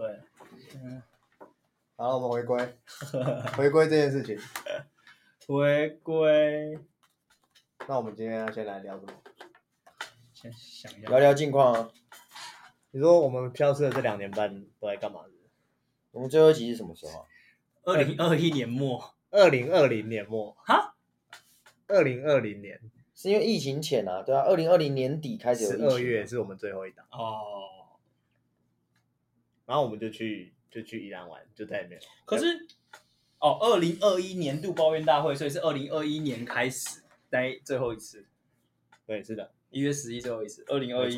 對，嗯，好我們回歸，回歸這件事情， 回歸。那我們今天要先來聊什麼？先想一下。聊聊近況、啊。你說我們飄車的這兩年半都在幹嘛是不是？我們最後一集是什麼時候、啊？二零二一年末，二零二零年末。哈、huh?？二零二零年是因為疫情前啊，對啊，二零二零年底開始有疫情。十二月是我們最後一檔。哦、oh.。然後我們就去，就去宜蘭玩，就再也沒有。可是，哦，二零二一年度抱怨大會，所以是二零二一年開始，在最後一次。對，是的，一月十一最後一次，二零二一，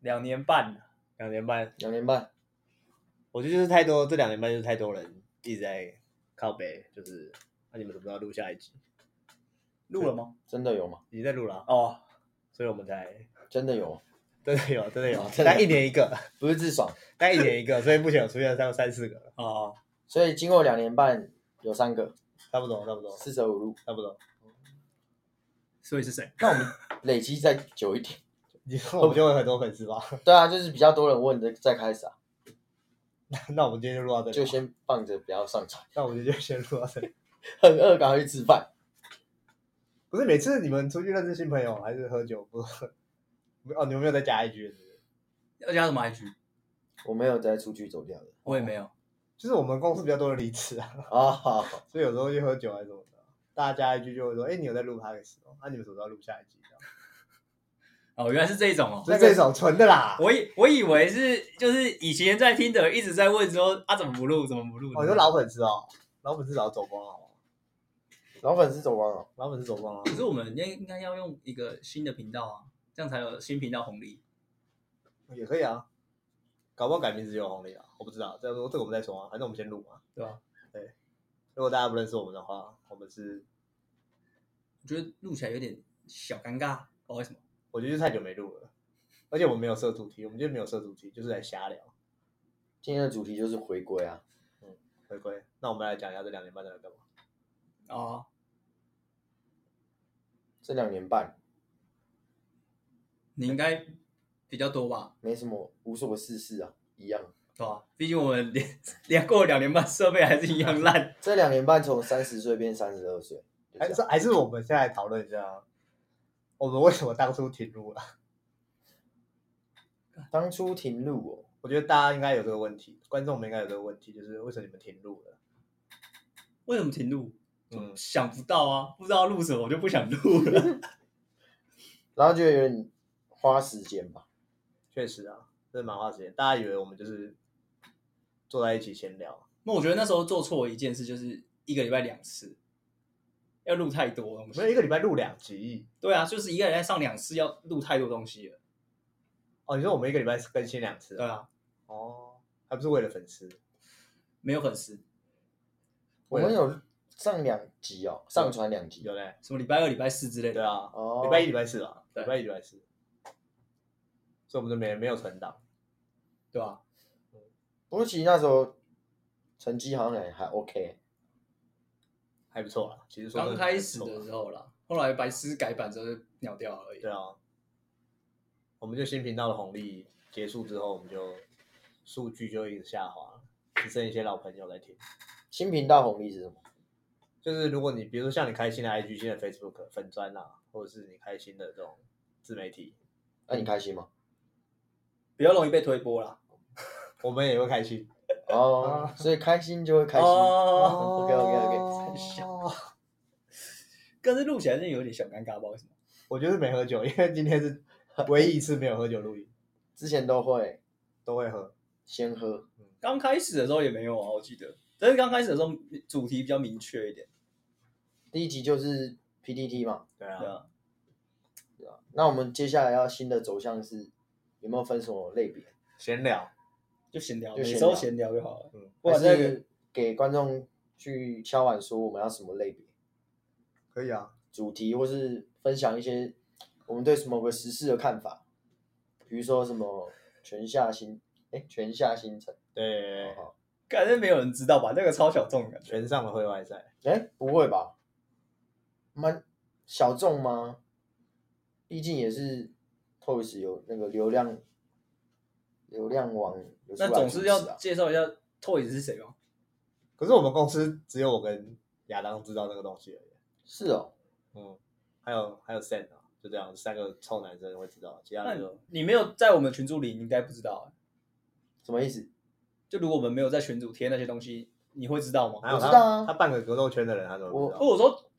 兩年半了。兩年半，兩年半。我覺得就是太多，這兩年半就是太多人一直在靠北，就是那、啊、你們怎麼知道錄下一集？錄了嗎？真的有嗎？已經在錄了哦、啊，oh, 所以我們才真的有嗎？真的有，真的有，哦，真的有，但一年一個，不是自爽，但一年一個，所以目前有出現了三三四個 哦，哦，所以經過兩年半，有三個，差不多，差不多，四捨五入，差不多。所以是誰？那我們累積再久一點，以 後我們就會很多粉絲吧？ 對啊，就是比較多人問的再開始啊。 那我們今天就錄到這裡，就先放着不要上傳。 那我們今天就先錄到這裡。 很餓，趕快去吃飯。不是每次你們出去認識新朋友，還是喝酒不喝？哦，你有沒有再加一句是不是？要加什麼一句？我沒有再出去走掉的，我也沒有、哦，就是我們公司比較多的離職啊，哦， 所以有時候一喝酒還是什麼的，大家加一句就會說：“哎、欸，你有在錄的時候，那、啊、你們什麼時候要錄下一集？哦，原來是這種哦，是這種純的啦。我以我以為是就是以前在聽的，一直在問說啊怎，怎麼不錄？怎麼不錄？哦，你說老粉絲哦，老粉絲老走光了，老粉絲走光了，老粉絲走光了。可是我們應該應該要用一個新的頻道啊。這樣才有新頻道紅利，也可以啊，搞不好改名字就有紅利啊，我不知道。再說這個我們再說啊，反正我們先錄嘛。對啊，對。如果大家不認識我們的話，我們是……我覺得錄起來有點小尷尬。哦，為什麼？我覺得太久沒錄了， 而且我們沒有設主題，我們就沒有設主題，就是在瞎聊。今天的主題就是回歸啊。嗯，回歸。那我們來講一下這兩年半在幹嘛。啊、哦。這兩年半。你應該比較多吧？沒什麼無所事事啊，一樣。對啊，畢竟我們連連過了兩年半，設備還是一樣爛。 這兩年半從三十歲變三十二歲，還是還是我們現在討論一下，我們為什麼當初停錄了？ 當初停錄哦，我覺得大家應該有這個問題，觀眾們應該有這個問題，就是為什麼你們停錄了？為什麼停錄？嗯，想不到啊，不知道錄什麼我就不想錄了， 然後就有點。花時間吧，確實啊，這蠻花時間。大家以為我們就是坐在一起閒聊，那、嗯、我覺得那時候做錯一件事就是一個禮拜兩次要錄太多東西。我一個禮拜錄兩集？對啊，就是一個人要上兩次要錄太多東西了。哦，你說我們一個禮拜更新兩次，啊？對啊。哦，還不是為了粉絲？沒有粉絲，我們有上兩集哦，對上傳兩集有沒？什麼禮拜二、禮拜四之類的？對啊，哦，禮拜一、禮拜四了，禮拜一、禮拜四。所以我們就沒沒有存檔，對吧？啊？不過其實那時候成績好像也還 OK，還不錯啦。其實剛開始的時候啦，後來白痴改版之後就秒掉而已。對啊，我們就新頻道的紅利結束之後，我們就數據就一直下滑，只剩一些老朋友在聽。新頻道紅利是什麼？就是如果你比如說像你開新的 IG、現在 Facebook 粉專啦，或者是你開新的這種自媒體，那、嗯啊、你開心嗎？比較容易被推播啦 我們也會開心哦、oh, 所以開心就會開心、oh,。OK OK OK，開心。可是錄起來有點小尷尬，為什麼？我覺得沒喝酒，因為今天是唯一一次沒有喝酒錄音，之前都會都會喝，先喝。剛、嗯、開始的時候也沒有啊，我記得，但是剛開始的時候主題比較明確一點，第一集就是 PDD 嘛對、啊。對啊，對啊，那我們接下來要新的走向是。有沒有分什麼類別？閒聊，就閒聊，就閒聊，聊就好了。嗯，或者是、那個、是給觀眾去敲碗說我們要什麼類別？可以啊，主題或是分享一些我們對什麼個時事的看法，比如說什麼泉下心哎，泉下心城，對好好，感覺沒有人知道吧？那、這個超小眾的，全上的會外賽，哎、欸，不會吧？蠻小眾嗎？畢竟也是。Toys 有那個流量，流量網、啊、那總是要介紹一下 Toys 是誰哦，可是我們公司只有我跟亞當知道那個東西而已。是哦，嗯，還有還有 Send 啊，就這樣三個臭男生會知道。其他人你沒有在我們群組裡，你應該不知道。什麼意思？就如果我們沒有在群組貼那些東西，你會知道嗎？我知道啊，他，他半個格鬥圈的人，他都知道。或者說，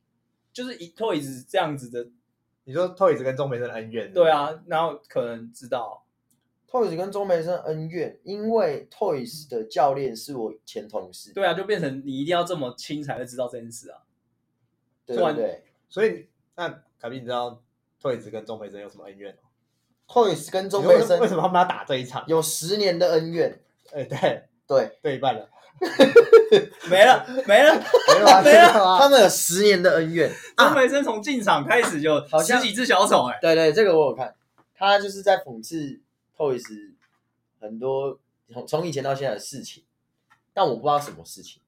就是一 Toys 這樣子的。你說 Toys 跟鍾培生的恩怨是不是？對啊，然後可能知道 Toys 跟鍾培生恩怨，因為 Toys 的教練是我前同事，對啊，就變成你一定要這麼親才會知道這件事啊。對不對？所以,所以那嘎逼你知道 Toys 跟鍾培生有什麼恩怨？Toys 跟鍾培生為什麼他們要打這一場？有十年的恩怨。哎、欸，對對對一半了。 沒了，沒了，沒、啊、了，沒了，、啊，這個沒了啊。他們有十年的恩怨。鍾、啊、培生從進場開始就、欸，好像，十幾隻小丑，哎，對對，這個我有看。他就是在諷刺 Toys 很多從從以前到現在的事情，但我不知道什麼事情，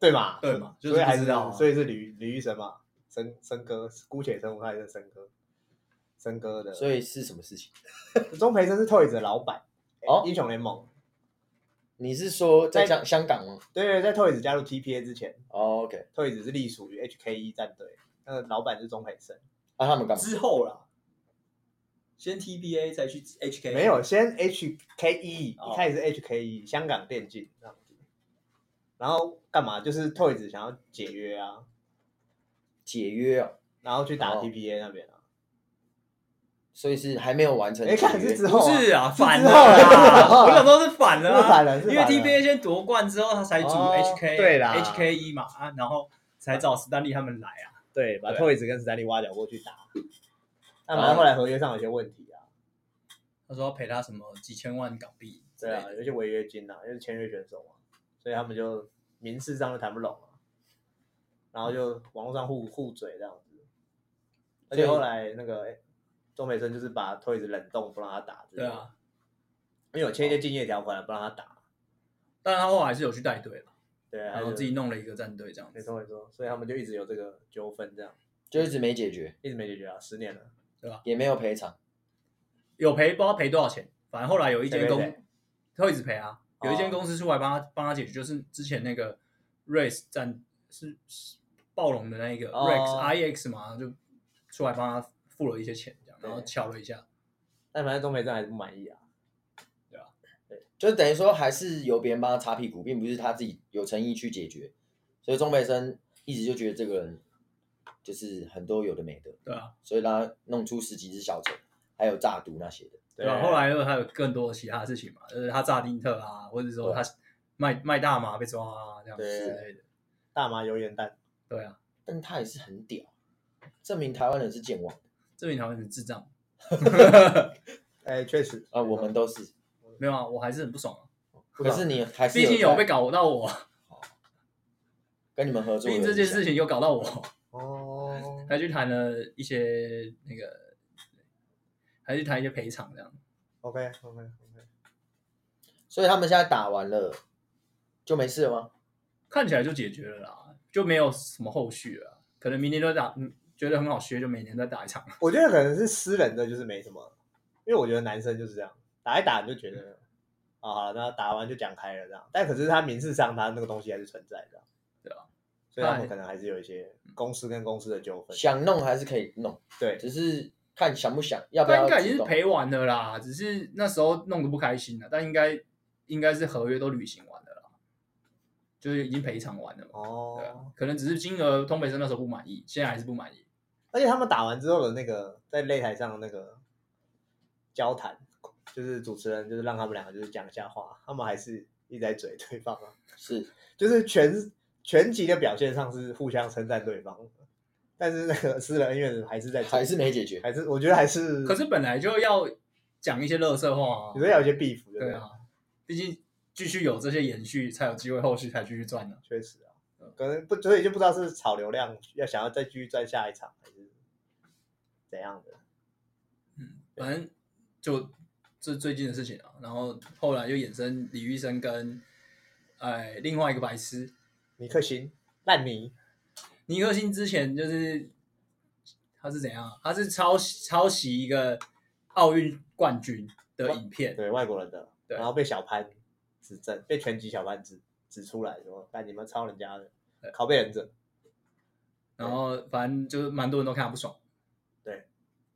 對嘛？對嘛、就是？所以還是所以是李李玉神嘛？陞陞哥，姑且稱呼他一聲陞哥，陞哥的。所以是什麼事情？鍾 培生是 Toys 的老闆、欸，哦，英雄聯盟。你是說在香香港嗎？對對，在 Toys 加入 TPA 之前、oh,，OK，Toys、okay. 是隸屬於 HKE 戰隊，那個老板是鍾培生啊。他們幹嘛？之後啦。先 TPA 再去 HKE，沒有，先 HKE，一開始 HKE、oh. 香港電競，然後幹嘛？就是 Toys 想要解約啊，解約哦，然後去打 TPA 那邊啊。Oh. 所以是還沒有完成的。H K 之後啊是啊，反了啦！我、啊、想都是反了啊，因為 TPA 先奪冠之後，他才組 H K、哦、對啦，H K 一嘛啊，然後才找史丹利他們來啊，對，對把托里斯跟史丹利挖角過去打，但然後後來合約上有些問題啊，啊他說要賠他什麼幾千萬港幣，對啊，有些違約金啊又是簽約選手、啊、所以他們就民事上就談不攏了，然後就網絡上互互嘴這樣子，而且後來那個。東北生就是把腿子冷凍，不讓他打。對啊，因為有簽一些競業條款，不讓他打。哦、但是他後來還是有去帶隊嘛？對啊。然後自己弄了一個戰隊，這樣子。沒錯沒錯，所以他們就一直有這個糾紛，這樣、嗯、就一直沒解決，一直沒解決啊，十年了，對吧、啊？也沒有賠償，有賠不知道賠多少錢，反正後來有一間公，他一直賠啊，有一間公司出來幫他幫、哦、他解決，就是之前那個 Race 戰是是暴龍的那一個 Rex a、哦、I X 嘛，就出來幫他付了一些錢。然後敲了一下，但反正鍾培生還是不滿意啊，對吧、啊？對，就是等於說還是由別人幫他擦屁股，並不是他自己有誠意去解決，所以鍾培生一直就覺得這個人就是很多有的沒的，對啊。所以他弄出十幾只小蟲，還有詐賭那些的，對啊，對後來因為還有更多其他的事情嘛，就是他詐丁特啊，或者說他賣賣大麻被抓啊這樣之類的，大麻有點淡，對啊。但他也是很屌，證明台灣人是健忘的。這邊好像很智障、 欸，哎，確、嗯、實啊，我們都是沒有啊，我還是很不爽、啊、可是你還是畢竟有被搞到我，跟你們合作，畢竟這件事情有搞到我哦、嗯，還去談了一些那個，還去談一些賠償這樣。OK OK OK，所以他們現在打完了就沒事了嗎？看起來就解決了啦，就沒有什麼後續了，可能明天都打、嗯覺得很好學，就每年再打一場。 我覺得可能是私人的，就是沒什麼，因為我覺得男生就是這樣，打一打你就覺得，啊、嗯哦，那打完就講開了這樣。但可是他名字上，他那個東西還是存在的，對吧？所以他們可能還是有一些公司跟公司的糾紛、嗯。想弄還是可以弄，對，對只是看想不想要不要。但應該已經是賠完了啦，只是那時候弄得不開心了，但應該應該是合約都履行完了啦，就是已經賠償完了嘛。哦，可能只是金額，通北生那時候不滿意，現在還是不滿意。而且他們打完之後的那個在擂台上的那個交談，就是主持人就是讓他們兩個就是講一下話，他們還是一直在嘴對方啊。是，就是拳，拳擊的表現上是互相稱讚對方，但是那個私人恩怨還是在，還是沒解決，還是我覺得還是。可是本來就要講一些樂色話啊，也是要有些 beef 的。對啊，畢竟繼續有這些延續才有機會，後續才繼續賺呢。確實啊、嗯，可能不所以就不知道是炒流量要想要再繼續賺下一場還是。怎樣的？嗯，反正就這最近的事情啊，然後後來就衍生李玉生跟，哎、呃、另外一個白痴尼克星爛泥尼克星之前就是他是怎樣？他是抄襲抄襲一個奧運冠軍的影片，對外國人的，對，然後被小潘指正，被拳擊小潘指指出來說，哎，你們抄人家的，拷貝人家。然後反正就是蠻多人都看他不爽。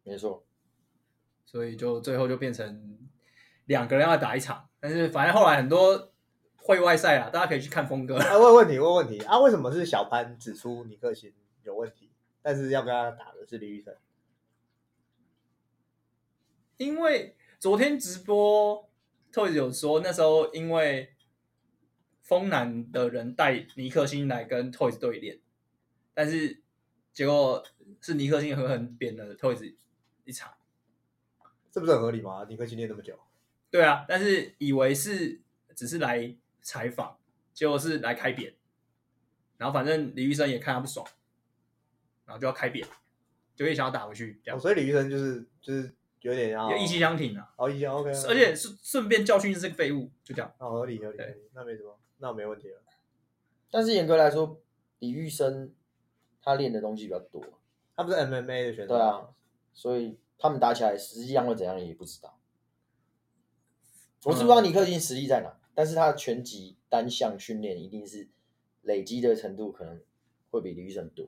沒錯，所以就最後就變成兩個人要打一場，但是反正後來很多會外賽啊，大家可以去看峰哥啊。問問題，問問題啊？為什麼是小潘指出尼克星有問題，但是要跟他打的是李宇春？因為昨天直播 ，Toys 有說那時候因為風南的人帶尼克星來跟 Toys 對練，但是結果是尼克星狠狠扁了 Toys。一場，這不是很合理嗎？你可以訓練那麼久，對啊。但是以為是只是來採訪，結果是來開扁，然後反正李玉生也看他不爽，然後就要開扁，就會想要打回去。哦。所以李玉生就是就是有點要意氣相挺啊，好、哦，意氣 OK。而且順順便教訓這個廢物，就這樣，好、哦、合理，合理，那沒什麼，那我沒問題了。但是嚴格來說，李玉生他練的東西比較多，他不是 MMA 的選手。對啊。所以他們打起來，實際上會怎樣也不知道。我是不知道尼克金實力在哪，嗯，但是他的拳擊單項訓練一定是累積的程度可能會比李醫生多。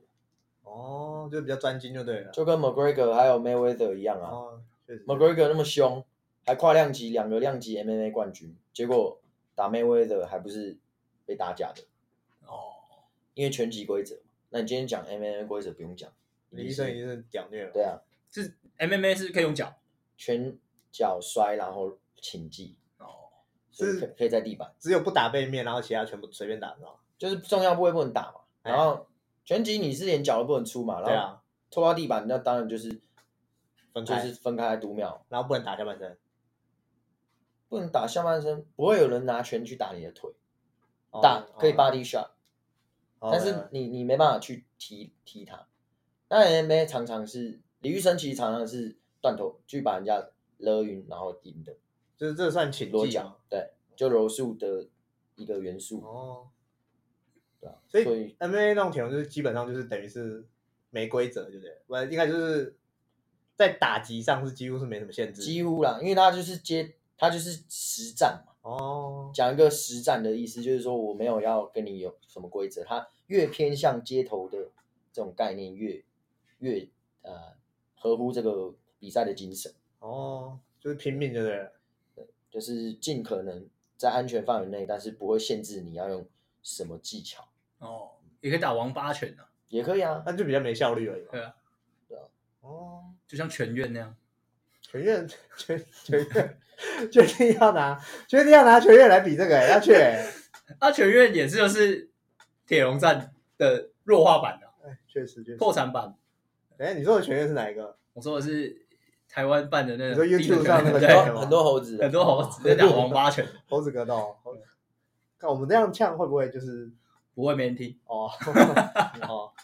哦，就比較專精就對了。就跟 McGregor 還有 Mayweather 一樣啊。哦，確實，McGregor 那麼凶，還跨量級，兩個量級 MMA 冠軍，結果打 Mayweather 還不是被打假的？哦。因為拳擊規則嘛。那你今天講 MMA 規則不用講，李醫生已經講過了。對啊。是 MMA 是，不是可以用腳，拳腳摔，然後擒技哦，oh, 是可以，可以在地板，只有不打背面，然後其他全部隨便打嗎？就是重要部位不能打嘛、哎。然後拳擊你是連腳都不能出嘛？對啊，拖到地板，那當然就是分、啊、就是分開在讀秒、哎，然後不能打下半身，不能打下半身，不會有人拿拳去打你的腿，oh, 打可以 Body Shot，oh, 但是你你沒辦法去踢踢他，oh, yeah, yeah, yeah. 但 MMA 常常是。體育生其實常常是斷頭，去把人家勒暈，然後頂的，就是這算潛規則。對，就柔術的一個元素。哦，對啊。所以，所以 MMA 那種鐵籠就是基本上就是等於是沒規則，對不對？應該就是在打擊上是幾乎是沒什麼限制。幾乎啦，因為他就是接，他就是實戰嘛。哦。講一個實戰的意思，就是說我沒有要跟你有什麼規則，他越偏向街頭的這種概念越，越越呃。合乎這個比賽的精神哦，就是拼命，的，不就是盡可能在安全範圍內，但是不會限制你要用什麼技巧哦，也可以打王八拳的、啊，也可以啊，那就比較沒效率而已、啊。對啊，對啊，哦，就像拳院那樣，拳院全拳院，決 定要拿決定要拿拳院來比這個、欸，要去、欸，阿、 啊、拳院也是就是鐵籠戰的弱化版的、啊，哎，確實確實破產版。哎，你說的犬業是哪一個？我說的是台灣辦的那個，你說 YouTube 上那個權劣權劣很多猴子，很多猴子在打王八拳，猴子格鬥。看我們這樣嗆會不會就是不會沒人聽哦？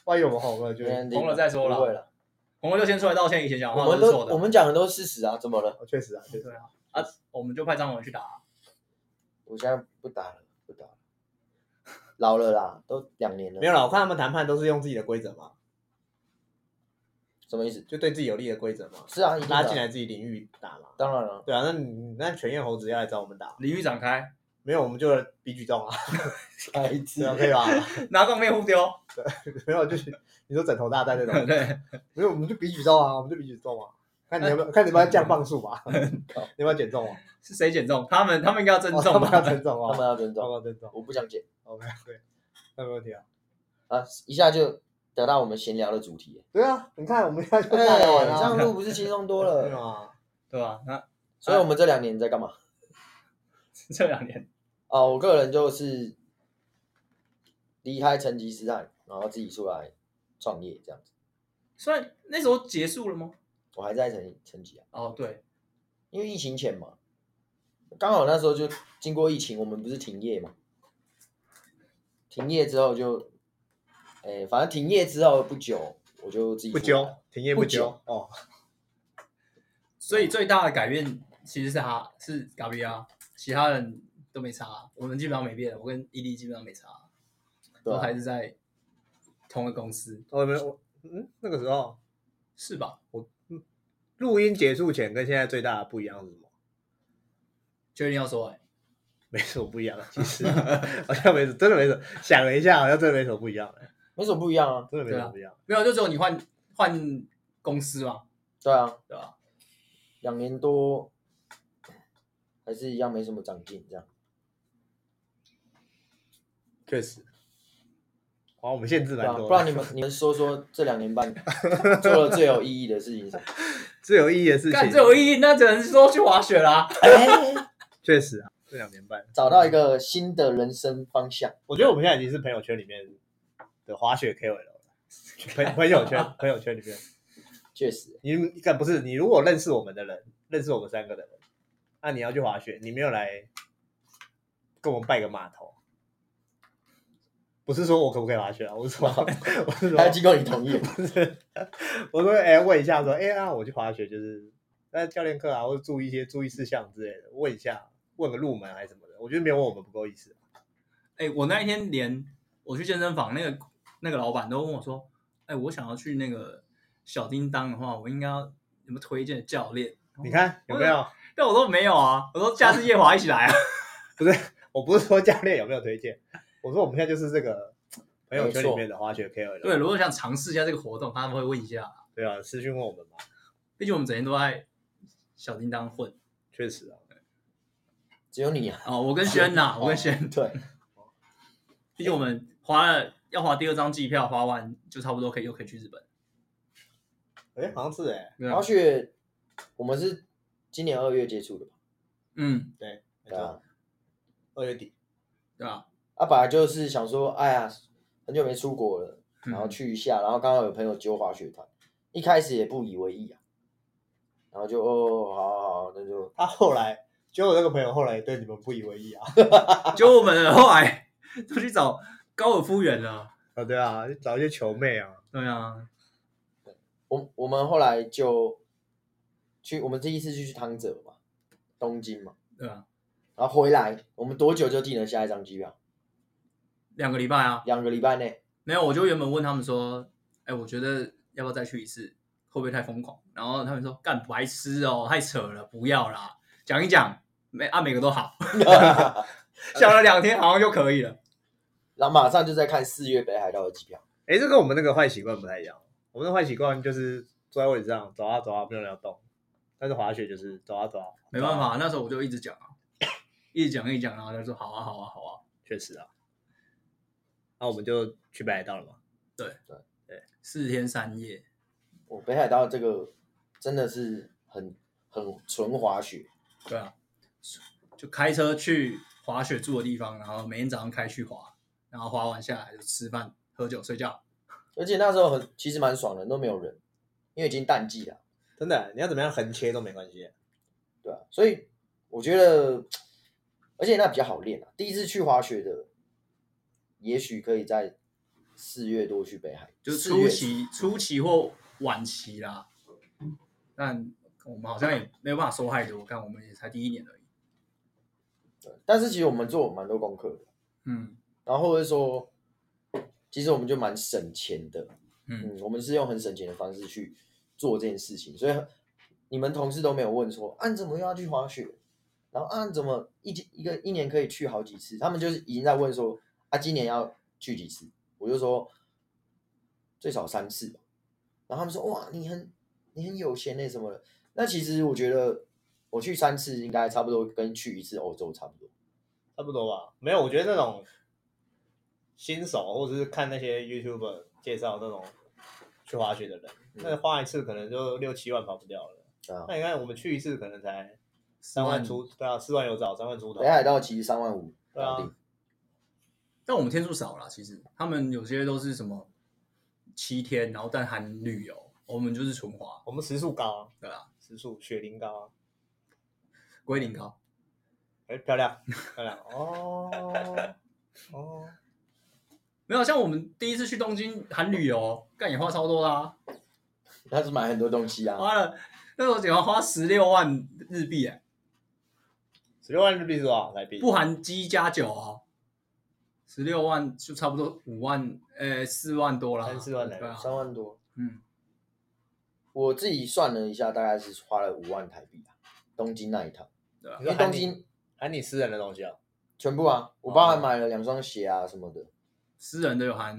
萬一我們紅了就，就紅了再說了，紅了就先出來道歉，以前講話沒錯的。我們，我們講的都是事實啊，怎麼了？哦、確實啊，確實對啊。啊，我們就派張文去打、啊。我現在不打了，不打，了。老了啦，都兩年了。沒有啦，我看他們談判都是用自己的規則嘛。什麼意思？就對自己有利的規則嗎？是啊，拉進、啊、來自己領域打嘛。當然了。對啊，那你那犬夜猴子，要來找我們打？領域展開？沒有，我們就比舉重啊， 啊。一次啊可以吧？拿哪種面糊丟？對，沒有就是你說枕頭大戰那種。對，沒有，我們就比舉重啊，我們就比舉重啊。看你有沒有，啊、看你有沒有降磅數吧。嗯嗯、 你要減重啊？是誰減重？他們，他們應該要增重吧？哦、要增重啊！他們要增重，他們要增重，重。我不想減。OK，OK，、okay，沒有問題啊。啊，一下就。得到我們閒聊的主題，對啊，你看我們現在就、啊欸、這樣，錄不是輕鬆多了、啊， 對嗎？對吧？那，所以我們這兩年在幹嘛？ 這兩年哦，我個人就是離開成吉思汗，然後自己出來創業這樣子。所以，那時候結束了嗎？我還在成成吉啊。哦，對，因為疫情前嘛，剛好那時候就經過疫情，我們不是停業嘛？停業之後就。哎，反正停業之後不久，我就自己不就停業不久，不久哦， 所以最大的改變其實是他是嘎逼，其他人都沒差，我們基本上沒變，我跟 ED 基本上沒差，啊、都還是在同一個公司。哦，沒有，我嗯，那個時候是吧？我錄音結束前跟現在最大的不一樣是什麼？確定要說哎、欸，沒什麼不一樣，其實 好像沒什麼，真的沒什麼。 想了一下，好像真的沒什麼不一樣的。沒什麼不一樣啊，真的沒什麼不一樣，沒有，就只有你換換公司嘛，對啊，對啊，兩、啊啊、年多還是一樣沒什麼長進，這樣確實。好，我們限制蠻多的，不然你們你們說說這兩年半做了最有意義的事情， 最有意義的事情，幹最有意義，那只能說去滑雪啦，確實啊，這兩年半找到一個新的人生方向、嗯，我覺得我們現在已經是朋友圈裡面。的滑雪 KOL，朋朋友圈 朋友圈裡面，確實，你幹不是你如果認識我們的人，認識我們三個人，那、啊、你要去滑雪，你沒有來跟我們拜個碼頭，不是說我可不可以滑雪啊？我是說， 我是說機構你同意不是？我說哎、欸，問一下說哎、欸、啊，我去滑雪就是，那教練課啊，或者注意一些注意事項之類的，問一下，問個入門還是什麼的，我覺得沒有問我們不夠意思哎、欸，我那一天連我去健身房那個。那個老闆都問我說：“哎、欸，我想要去那個小叮當的話，我應該要有沒有推薦教練？你看有沒有？”我 但我說沒有啊，我說下次夜華一起來啊。 不是，我不是說教練有沒有推薦，我說我們現在就是這個朋友圈裡面的滑雪 KOL 對，如果想嘗試一下這個活動，他們會問一下。對啊，私訊問我們吧。畢竟我們整天都在小叮當混。確實啊對，只有你啊。哦，我跟軒吶，我跟軒對。畢竟我們滑了。要花第二張機票花完就差不多可以又可以去日本。誒、欸、好像是哎、欸，滑雪，我們是今年二月接觸的。嗯，對，對啊，二月底，對吧、啊？啊，本來就是想說，哎呀，很久沒出國了，然後去一下，嗯、然後剛好有朋友揪滑雪團，一開始也不以為意啊，然後就哦，好好好，那就、個、他後來，揪我那個朋友後來對你們不以為意啊， 揪我們後來就去找。高爾夫園了啊、哦，對啊，找些球妹啊，對啊。我我們後來就去，我們第一次就去湯澤嘛，東京嘛，對啊。然後回來，我們多久就訂了下一張機票？兩個禮拜啊，兩個禮拜內沒有。我就原本問他們說：“哎、欸，我覺得要不要再去一次？會不會太瘋狂？”然後他們說：“幹白痴哦、喔，太扯了，不要啦。”講一講，每啊每個都好，想、 okay. 了兩天，好像就可以了。然後馬上就在看四月北海道的機票。哎，這跟我們那個壞習慣不太一樣。我們的壞習慣就是坐在位置上，走啊走啊，不要不要動。但是滑雪就是走啊走啊，走啊，沒辦法啊，那時候我就一直講啊，一直講，一直講，然後他說好啊好啊好啊，確實啊。那我們就去北海道了嘛？對對對，四天三夜。我北海道這個真的是很很純滑雪，對啊，就開車去滑雪住的地方，然後每天早上開去滑。然後滑完下來就吃飯、喝酒、睡覺，而且那時候很其實蠻爽的，都沒有人，因為已經淡季了。真的，你要怎麼樣橫切都沒關係，對啊，所以我覺得，而且那比較好練啊。第一次去滑雪的，也許可以在四月多去北海，就是初期、初期或晚期啦、嗯。但我們好像也沒有辦法受害的，我看我們也才第一年而已。對、嗯，但是其實我們做蠻多功課的，嗯。然後或者說，其實我們就蠻省錢的嗯，嗯，我們是用很省錢的方式去做這件事情，所以你們同事都沒有問說，啊，你怎麼又要去滑雪，然後啊、啊、怎麼一一個一年可以去好幾次，他們就是已經在問說，啊，今年要去幾次？我就說最少三次，然後他們說，哇，你很你很有錢那什麼的，那其實我覺得我去三次應該差不多跟去一次歐洲差不多，差不多吧？沒有，我覺得那種。新手或者是看那些 YouTuber 介紹那種去滑雪的人，那、嗯、花一次可能就六七萬跑不掉了。嗯、那你看我們去一次可能才三萬,萬出，對啊，四萬有找，三萬出頭。北海道其實三萬五搞啊定。但我們天數少了，其實他們有些都是什麼七天，然後但含旅遊，我們就是純滑，我們時速高、啊，對啊，時速雪齡高、啊，龜苓膏，哎、欸、漂亮漂亮哦 哦。 哦沒有像我們第一次去東京含旅遊，但也花超多啦、啊。他是買很多東西啊，花了那時候只花十六萬日幣哎，十六萬日幣是多少台幣？不含機加酒啊、哦，十六萬就差不多五萬，哎四萬多了、啊，三四萬台幣三萬多。嗯，我自己算了一下，大概是花了五萬台幣、啊、東京那一趟、啊。你說東京含你私人的東西啊，全部啊，我爸還買了兩雙鞋啊什麼的。私人都有含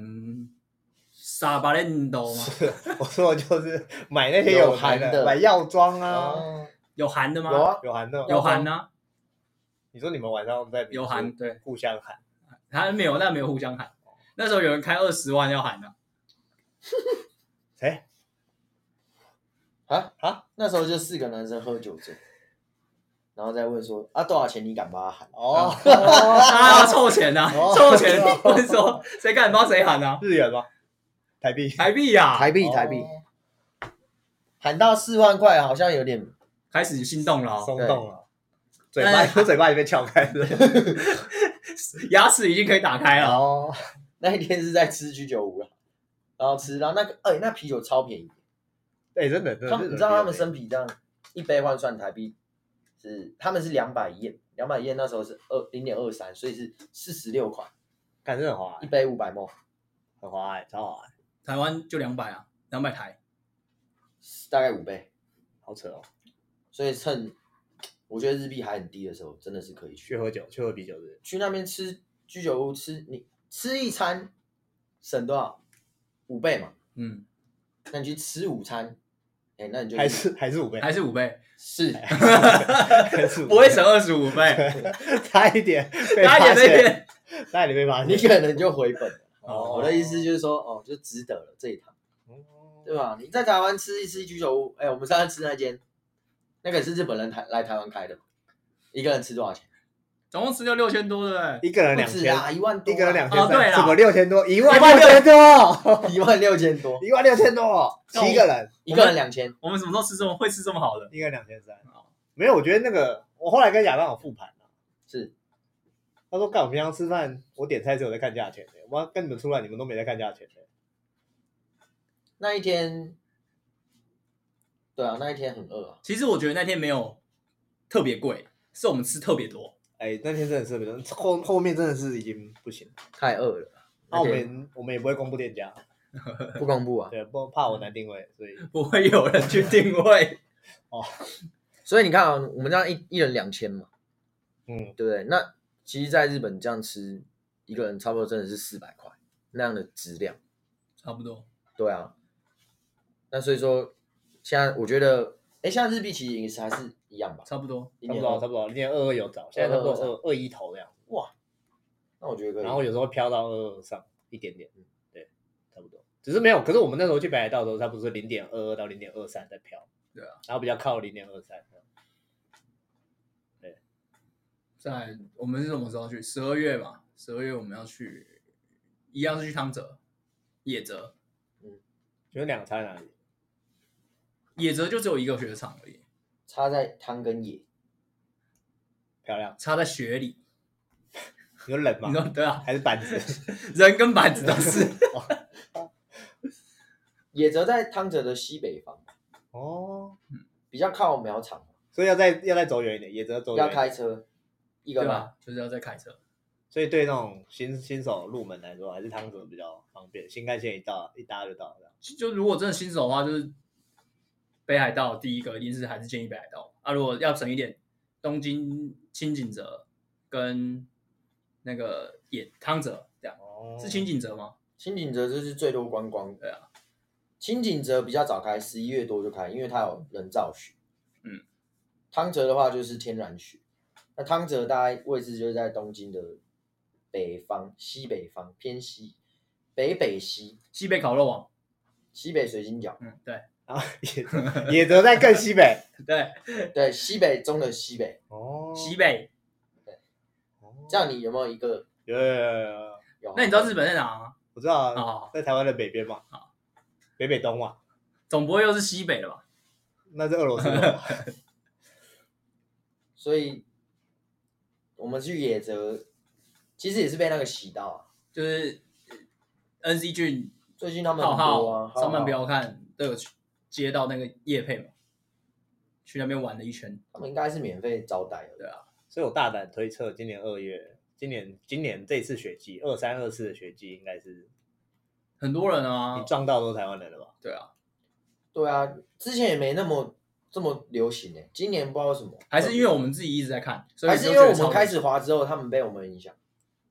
沙巴連多嗎？我說就是買那些有含的，的，的，買藥妝啊，uh, 有含的嗎？有啊，有含的，有含啊、哦？你說你們晚上們在有含？對，互相喊。他沒有，但沒有互相喊。那時候有人開二十萬要喊啊。誰？ 啊啊！那時候就四個男生喝酒醉。然後再問說啊多少錢你敢幫他喊哦啊湊、哦啊、錢啊，湊、哦、錢，問說誰敢幫誰喊啊？日元？嗎台幣？台幣啊！台幣台幣，喊到四萬塊好像有點開始心動了，鬆、哦、動了嘴巴，我嘴巴也被撬開了、呃、 牙齒已經可以打開了哦。那一天是在吃 G 九五了然後吃到那個哎、欸、那啤酒超便宜。哎、欸、真的，你知道他們生啤這樣、欸、一杯換算台幣。是，他們是兩百 yen，兩百 yen 那時候是二零點二三，所以是四十六塊，感覺很划、欸。一杯五百 ml 很划哎、欸，超划、欸。台灣就兩百啊，兩百台，大概五倍，好扯哦。所以趁我覺得日幣還很低的時候，真的是可以去。去喝酒，去喝啤酒的人，去那邊吃居酒屋吃，你吃一餐省多少？五倍嘛。嗯。那你去吃午餐。欸，那你就是、還是還是五倍，還是五倍，是，是 不會省二十五倍， 差一點， 差一點那邊， 差一點被發現，你可能就回本了、 哦。我的意思就是說，哦，就值得了這一趟、哦，對吧？你在台灣吃一次居酒屋，哎、欸，我們上次吃那間，那個是日本人台來台灣開的，一個人吃多少錢？總共吃掉六千多，對不對？一個人兩千，一、啊、萬多、啊，一個人兩千三、哦，什麼六千多？一萬六千多，一 萬六千多，一 萬六千多，七個人，一個人兩千。我們什麼時候吃這麼會吃這麼好的？一個人兩千三，沒有。我覺得那個，我後來跟亞當有復盤是他說，幹我平常吃飯，我點菜之後在看價錢的。我要跟你們出來，你們都沒在看價錢。那一天，對啊，那一天很餓。其實我覺得那天沒有特別貴，是我們吃特別多。哎、欸，那天真的是，後後面真的是已經不行了，太餓了。後面我們我們也不會公布店家， 不公布啊？對，不怕我難定位，所以 不會有人去定位。 哦，所以你看啊、哦，我們這樣一一人兩千嘛，嗯，對不對？那其實在日本這樣吃一個人差不多真的是四百塊，那樣的質量，差不多。對啊，那所以說現在我覺得。哎，現在日幣其實飲食還是一樣吧？差不多，差不多，0. 差不多。零點二二有找，現在差不多是二一頭的樣子。哇，那我覺得可以。然後有時候會飄到二二上一點點，嗯，對，差不多。只是沒有，可是我們那時候去北海道的時候，差不多是零點二二到零點二三在飄，對啊，然後比較靠零點二三。對，在我們是什麼時候去？十二月吧，十二月我們要去，一樣是去湯澤、野澤，嗯，覺得兩個差在哪裡？野澤就只有一個雪場而已，插在湯跟野，漂亮，插在雪裡， 有冷人嗎？ 對啊， 還是板子，人跟板子都是。 野澤在湯澤的西北方，哦，比較靠苗場，所以要再要再走遠一點。野澤走遠要開車，一個對吧，就是要再開車。所以對那種新新手入門來說，還是湯澤比較方便。新幹線一到一搭就到了就。就如果真的新手的話，就是。北海道第一個一定是還是建議北海道啊。如果要省一點，東京輕井澤跟那個也湯澤這樣，哦、是輕井澤嗎？輕井澤就是最多觀光，的啊。輕井澤比較早開，十一月多就開，因為它有人造雪。嗯。湯澤的話就是天然雪，那湯澤大概位置就是在東京的北方、西北方偏西北北西，西北烤肉王、啊，西北水晶角。嗯，對。啊，野澤在更西北， 對對，西北中的西北，哦，西北，對，這樣你有沒有一個有了有了有，了有，那你知道日本在哪嗎？啊？我知道啊，好好在台灣的北邊嘛，好好，北北東嘛，總不會又是西北的吧？那是俄羅斯的。 所以，我們去野澤，其實也是被那個洗到，就是 N C G 最近他們很多，啊、好多他們比較看都有去。接到那個業配嘛，去那邊玩了一圈，他們應該是免費招待的，對啊。所以我大膽推測今年二月，今年今年這次雪季二三二四的雪季應該是很多人啊，你撞到都是台灣人的吧？對啊，對啊，之前也沒那麼這麼流行誒，今年不知道為什麼，還是因為我們自己一直在看所以，還是因為我們開始滑之後，他們被我們影響，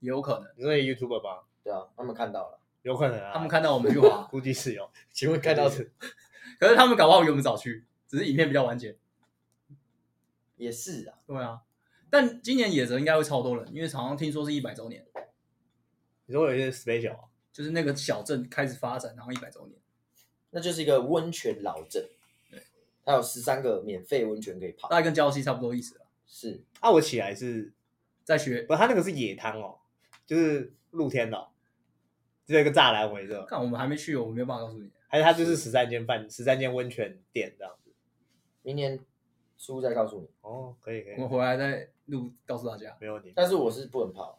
有可能，所以 YouTuber 吧，對啊，他們看到了，有可能啊，他們看到我們就滑， 估計是有，請問看到 可是他們搞不好比我們早去，只是影片比較完結。也是啊，對啊。但今年野澤應該會超多人，因為常常聽說是一百周年。你說我有一些 special？就是那個小鎮開始發展，然後一百周年，那就是一個溫泉老鎮。對，它有十三個免費溫泉可以泡，大概跟礁溪差不多意思啊。是啊，我起來是在學，不，他那個是野湯哦，就是露天的哦，只有一個柵欄圍着。看，我們還沒去，我沒有辦法告訴你。有它就是十三間飯，十三間溫泉店這樣子。明天叔再告訴你哦，可以可以，我回來再錄告訴大家。沒問題，但是我是不能泡、啊，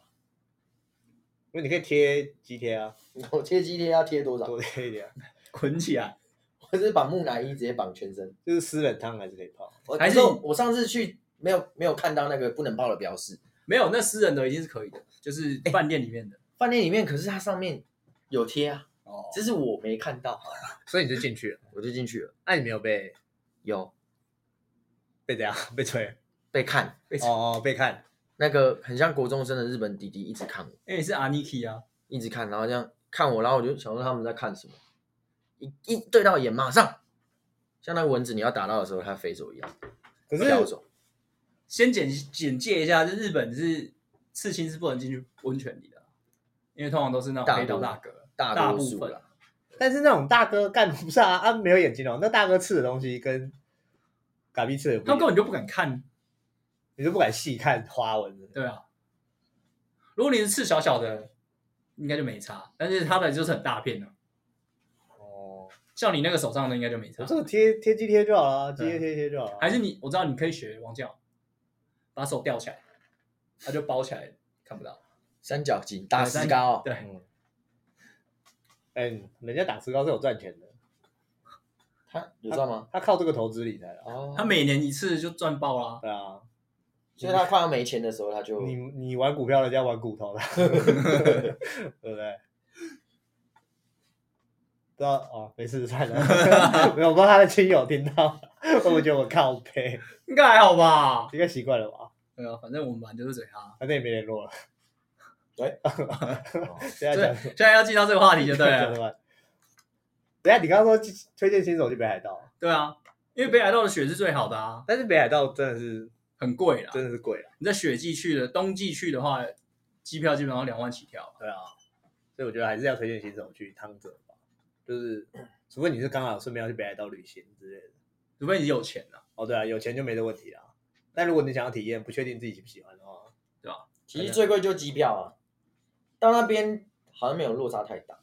因為你可以貼肌貼啊。我貼肌貼要貼多少？多貼一點、啊，捆 起來，或者是把木乃伊直接綁全身，就是私人湯還是可以泡。還是,還是我上次去沒有沒有看到那個不能泡的標識，沒有，那私人的已經是可以的，就是飯店裡面的。飯、欸、店裡面可是它上面有貼啊。哦，這是我沒看到，啊， 所以你就進去了， 我就進去了。哎，啊，你沒有被有被這樣被吹被看被哦被看那個很像國中生的日本弟弟一直看我，哎，是阿尼 K 啊，一直看，然後這樣看我，然後我就想說他們在看什麼，一一對到眼馬上像那個蚊子你要打到的時候它飛走一樣，可是我先簡簡介一下，就日本是刺青是不能進去溫泉裡的，因為通常都是那種黑道大大哥。大部分大啦，但是那種大哥干不是啊，他、啊、沒有眼睛哦。那大哥刺的東西跟嘎逼刺的也不，他們根本就不敢看，你就不敢細看花紋。對啊，如果你是刺小小的，應該就沒差。但是他的就是很大片的、啊，哦，像你那個手上的應該就沒差。哦、這個貼貼肌貼就好了，肌、啊、貼貼就好了。還是你，我知道你可以學王教，把手吊起來，他、啊、就包起來，看不到。 三角巾打石膏，對。哎、欸，人家打石膏是有賺錢的，他，他有賺嗎他？他靠這個投資理財啊，他每年一次就賺爆了。對啊，所以他快要沒錢的時候，他就你你玩股票，人家玩骨頭了， 對不對？不知道哦，沒事，算了， 沒有，怕他的親友我聽到，會不會覺得我靠北？應該還好吧？應該習慣了吧？沒有、啊，反正我們班就是嘴哈，反正也沒聯絡了。對、欸， 現，在講 現在要進到這個話題就對了。等下，你剛剛說推薦新手去北海道，對啊，啊、因為北海道的雪是最好的啊，但是北海道真的是很貴啦，真的是貴啦。你在雪季去的，冬季去的話，機票基本上兩萬起跳。對啊，所以我覺得還是要推薦新手去湯澤吧，就是除非你是剛好順便要去北海道旅行之類的，除非你有錢啊。哦，對啊，有錢就沒這問題啦。但如果你想要體驗，不確定自己喜不喜歡的話，對吧？其實最貴就機票啊。到那邊好像沒有落差太大，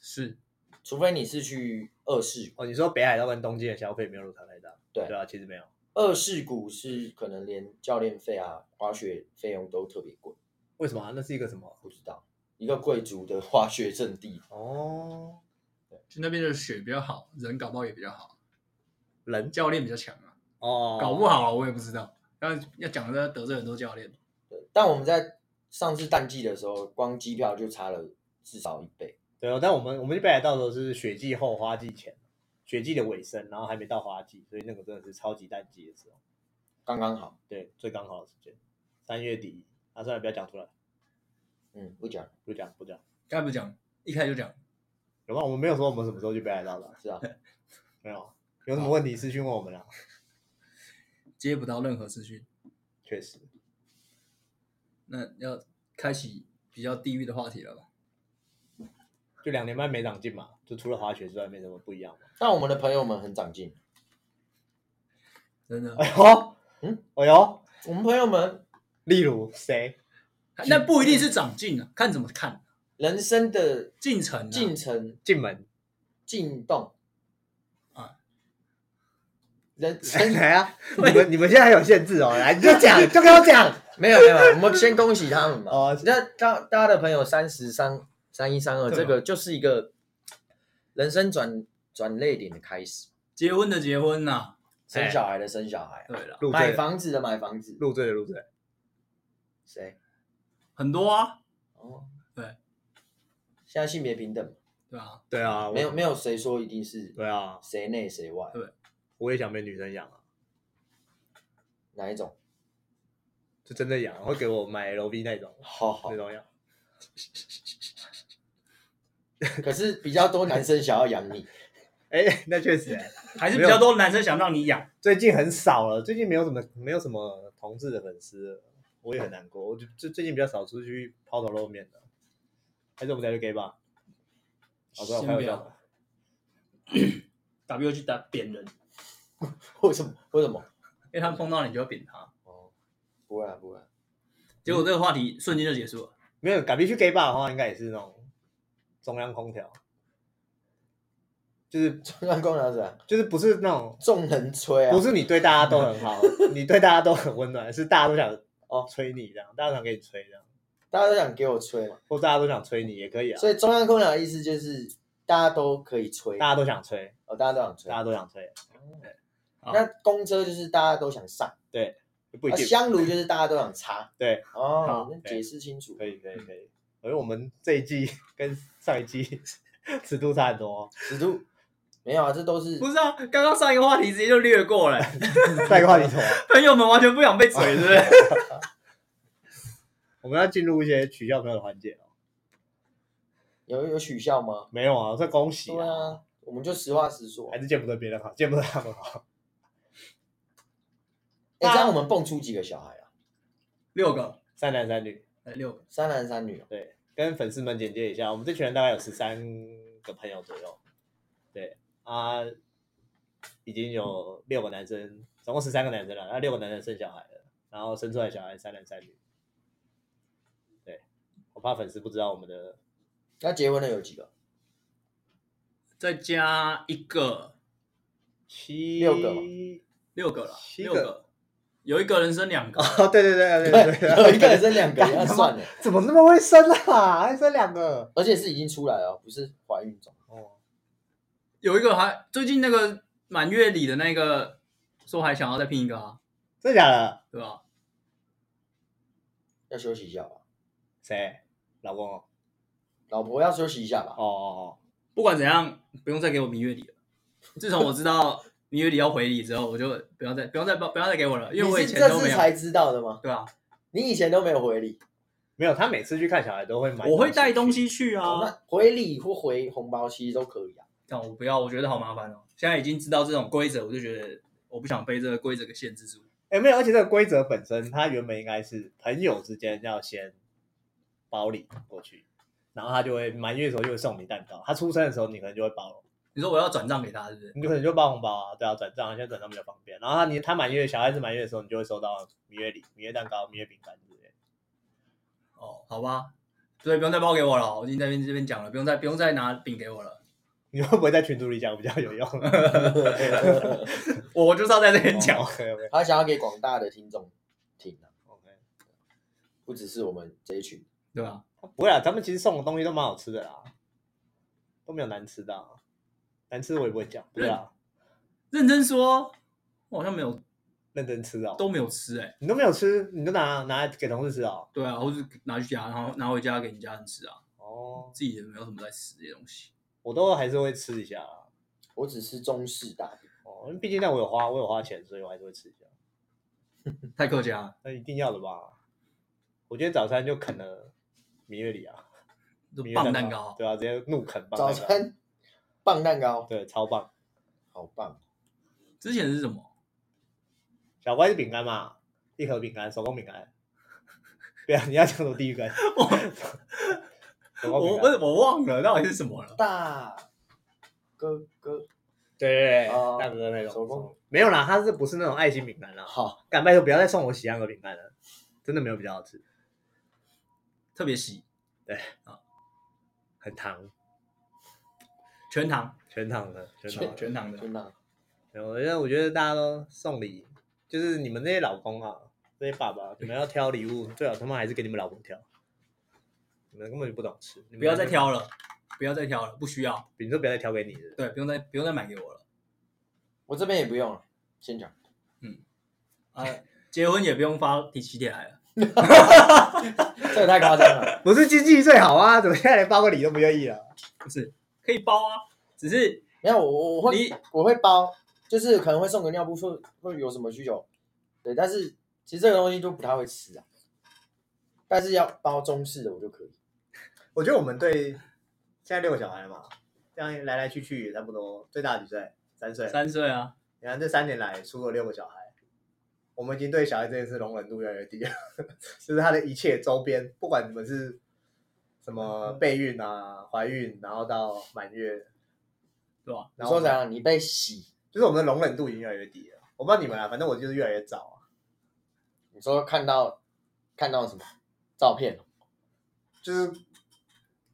是，除非你是去二世谷哦。你說北海道跟東京的消費沒有落差太大，對對啊，其實沒有。二世谷是可能連教練費啊、滑雪費用都特別貴，為什麼啊？那是一個什麼？不知道，一個貴族的滑雪勝地哦，對。就那邊的雪比較好，人搞不好也比較好，人教練比較強啊。哦，搞不好我也不知道，但要要講的得罪很多教練。但我們在。上次淡季的時候，光機票就差了至少一倍。對哦，但我們我們去北海道的時候是雪季後、花季前，雪季的尾聲，然後還沒到花季，所以那個真的是超級淡季的時候，剛剛好，對，最剛好的時間，三月底。啊，算了，不要講出來。嗯，不講，不講，不講。該不講，一開始就講，有嗎？我們沒有說我們什麼時候去北海道的啊，是的，是啊， 沒有。有什麼問題？私訊問我們啊，接不到任何資訊，確實。那要開啟比較地獄的話題了吧？就兩年半沒長進嘛，就除了滑雪之外，沒什麼不一樣嘛。但我們的朋友們很長進，真的。哎呦，嗯，哎呦，我們朋友們， 例如誰？那不一定是長進啊，看怎麼看？人生的進程啊，進程，進門，進洞。人生誰啊？ 你們你們現在還有限制哦，來就講，就跟我講。 沒有沒有，我們先恭喜他們吧。哦、啊，那大家大家的朋友三十三、三一三二，這個就是一個人生轉轉捩點的開始。結婚的結婚吶、啊，生小孩的生小孩、啊欸，對了，買房子的買房子，入贅的入贅。誰？很多啊。哦，對。現在性別平等嘛。對啊，對啊，沒有沒有誰說一定是誰誰對啊，誰內誰外？對。我也想被女生養啊，哪一種？就真的養，會給我買 L V 那種，那 好好種養。 可是比較多男生想要養你，哎、 欸，那確實， 還是比較多男生想讓你養。最近很少了，最近沒有什麼沒有什麼同志的粉絲了，我也很難過。嗯、我就最最近比較少出去拋頭露面的，還是我們在就給吧。好，好，的，不要，打 b W 去打扁人。 為什麼？為什麼？因為他們碰到你就要扁他哦，不會啊，不會、啊。結果這個話題瞬間就結束了。嗯、沒有，嘎逼去 gay 吧的話，應該也是那種中央空調，就是中央空調是吧？就是不是那種眾人吹啊？不是你對大家都很好， 你對大家都很溫暖，是大家都想哦吹你這樣，大家都想給你吹這樣，大家都想給我吹嘛，或大家都想吹你也可以啊。所以中央空調的意思就是大家都可以吹，大家都想吹哦，大家都想吹，大家都想吹。嗯那公車就是大家都想上，啊、對，不一、啊、香爐就是大家都想插，對，哦，解釋清楚，可以，可以，可以、嗯。而且我們這一季跟上一季 尺度差很多，尺度沒有啊，這都是不是啊？剛剛上一個話題直接就略過了，下 一個話題什麼？朋友們完全不想被錘， 是不是？ 我們要進入一些取笑朋友的環節哦。有有取笑嗎？沒有啊，這恭喜啊，對啊。我們就實話實說，還是見不得別人好，見不得他們好。那、欸、我們蹦出幾個小孩啊？六個，三男三女。哎，六個，三男三女，喔。對，跟粉絲們簡介一下，我們這群人大概有十三個朋友左右。對啊，已經有六個男生，總共十三個男生了。那、啊、六個男生生小孩了，然後生出來的小孩三男三女。對，我怕粉絲不知道我們的。那結婚的有幾個？再加一個，七六個六個了，七個六個。有一個人生兩個，oh, 對,對,對,對,對對對對對， 有一個人生兩個， 怎麼那麼會生啊？還生兩個？而且是已經出來了，不是懷孕中。哦、oh.，有一個還最近那個滿月禮的那個說還想要再拼一個啊？是真的假的？對吧？要休息一下吧。誰？老公、啊？老婆要休息一下吧。哦哦哦！不管怎樣，不用再給我滿月禮了。自從我知道。 你以為你要回禮之後，我就不要再，不用再包、不要再給我了，因為我以前都沒有才知道的嘛。對啊，你以前都沒有回禮，沒有。他每次去看小孩都會買，我會帶東西去啊。回禮或回紅包其實都可以啊。但我不要，我覺得好麻煩哦。現在已經知道這種規則，我就覺得我不想被這個規則給限制住。哎、欸，沒有，而且這個規則本身，他原本應該是朋友之間要先包禮過去，然後他就會滿月的時候就會送你蛋糕，他出生的時候你可能就會包了。你說我要轉賬給他是不是？你可能就包紅包啊，對啊，轉賬現在轉賬比較方便。然後他你他滿月，小孩子滿月的時候，你就會收到滿月禮、滿月蛋糕、滿月餅乾之類。哦，好吧，所以不用再包給我了，我已經在邊這邊講了，不用再不用再拿餅給我了。你會不會在群組裡講比較有用、啊？ 我就是要在這邊講，oh, okay, okay. 他想要給廣大的聽眾聽、啊。OK，不只是我們這一群，對吧、啊？不會啊，咱們其實送的東西都蠻好吃的啦，都沒有難吃的。難吃我也不會講，對啊，認，認真說，我好像沒有認真吃啊，喔，都沒有吃，欸，哎，你都沒有吃，你都拿拿來給同事吃啊，喔？對啊，或是拿去夾，然後拿回家給你家人吃啊？哦，自己也沒有什麼在吃這些東西，我都還是會吃一下，我只吃中式大餅哦，因為畢竟那我有花，我有花錢，所以我還是會吃一下。 太客氣了，那一定要的吧？我今天早餐就啃了明月里啊，就棒蛋糕，蛋糕，對啊，直接怒啃棒蛋糕早餐。棒蛋糕，對，超棒，好棒！之前是什麼？小乖是餅乾嘛？一盒餅乾，手工餅乾。對 啊，你要講什第一獄我我不我忘了，到底是什麼了？大哥哥，對，大哥那種手工，沒有啦，他是不是那種愛心餅乾啦？好、哦，嘎逼就不要再送我喜羊羊餅乾了，真的沒有比較好吃，特別喜，對、哦，很糖。全糖，全糖的全全糖的全糖，的全全糖的，因為我覺得大家都送禮，就是你們那些老公啊，那些爸爸，你們要挑禮物，最好他媽還是給你們老公挑。你們根本就不懂吃，你不要再挑了，不要再挑了，不需要。你都不要再挑給你的，對，不用再不用再買給我了。我這邊也不用了，先講。嗯，啊、呃，結婚也不用發第七天來了， 這也太誇張了。 不是經濟最好啊？怎麼現在連發個禮都不願意了？不是。可以包啊，只是沒有我我會你我會包，就是可能會送個尿布，說會有什麼需求，對，但是其實這個東西都不太會吃啊，但是要包中式的我就可以。我覺得我們對現在六個小孩嘛，這樣來來去去也差不多，最大幾歲？三歲。三歲啊，你看這三年來出了六個小孩，我們已經對小孩這件事容忍度越來越低了，就是他的一切周邊，不管你們是。什麼備孕啊，懷孕，然後到滿月，是、嗯、吧？說啥你被洗，就是我們的容忍度已經越來越低了。我不知道你們啊，反正我就是越來越早啊。你說看到看到什麼照片，就是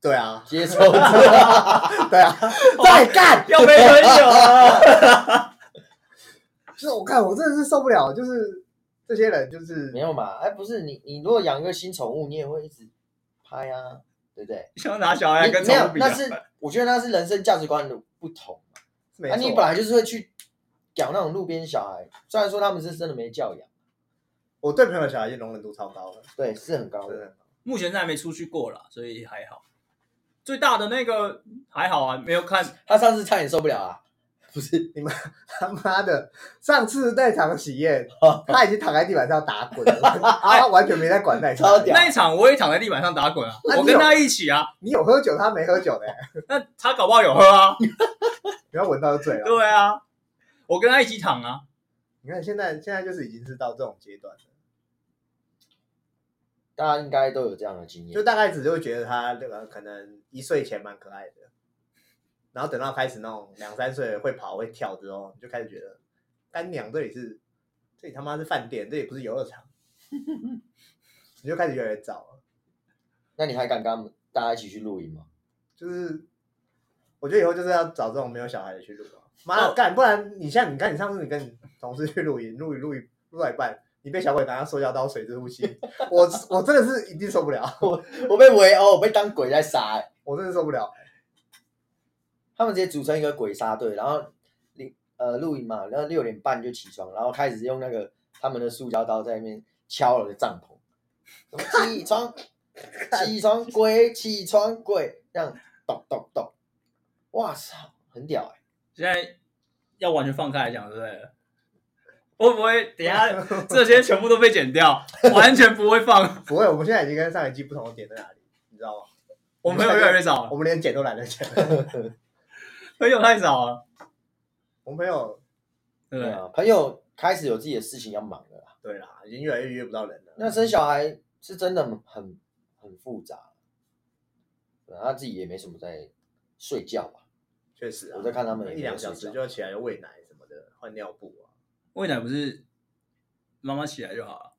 對啊，接受。 對啊，再干又沒多久、啊、 就是我看我真的是受不了，就是這些人就是沒有嘛？哎、欸，不是你你如果養個新寵物，你也會一直拍啊。對不對？想要拿小孩跟沒有，那是 我覺得那是人生價值觀的不同嘛。沒啊，啊你本來就是會去講那種路邊小孩，雖然說他們是真的沒教養。我對朋友的小孩也容忍度超高的，對，是很高的。目前現在還沒出去過了，所以還好。最大的那個還好啊，沒有看。他上次差點受不了啊。不是你們他媽的！上次那場喜宴，他已經躺在地板上打滾了。 他完全沒在管那場、 哎。那那場我也躺在地板上打滾啊，啊我跟他一起啊你。你有喝酒，他沒喝酒的、欸、那他搞不好有喝啊，不 要聞到就醉了。 對啊，我跟他一起躺啊。你看現在現在就是已經是到這種階段了，大家應該都有這樣的經驗，就大概只就會覺得他那個可能一歲前蠻可愛的。然後等到開始那種兩三歲會跑會跳之後，你就開始覺得幹娘這裡是這裡他媽是飯店，這裡不是遊樂場。 你就開始越來越早了。那你還敢跟大家一起去露營嗎？就是我覺得以後就是要找這種沒有小孩的去露營。哦、媽的幹，不然你像你看你上次你跟你同事去露營，露營露營露一半，你被小鬼拿個削角刀，水之呼吸。 我我真的是一定受不了，我 我被圍毆，我被當鬼在殺、欸，我真的受不了。他們直接組成一個鬼殺隊，然後，呃露呃營嘛，然後六點半就起床，然後開始用那個他們的塑膠刀在那邊敲了個帳篷起 起。起床，起床鬼，起床鬼，這樣咚咚咚,咚，哇塞，很屌哎、欸！現在要完全放開來講，對不對？會不會等一下 這些全部都被剪掉？ 完全不會放，不會。我們現在已經跟上一季不同的點在哪裡？你知道嗎？我們沒有越來越少，我們連剪都懶得剪。 朋友太少啊，我們朋友對啊，朋友開始有自己的事情要忙了啦。對啦，已經越來越約不到人了。那生小孩是真的很很複雜，他自己也沒什麼在睡覺吧、啊？確實、啊，我在看他們、啊、一兩個小時就要起來餵奶什麼的，換尿布啊。餵奶不是媽媽起來就好了？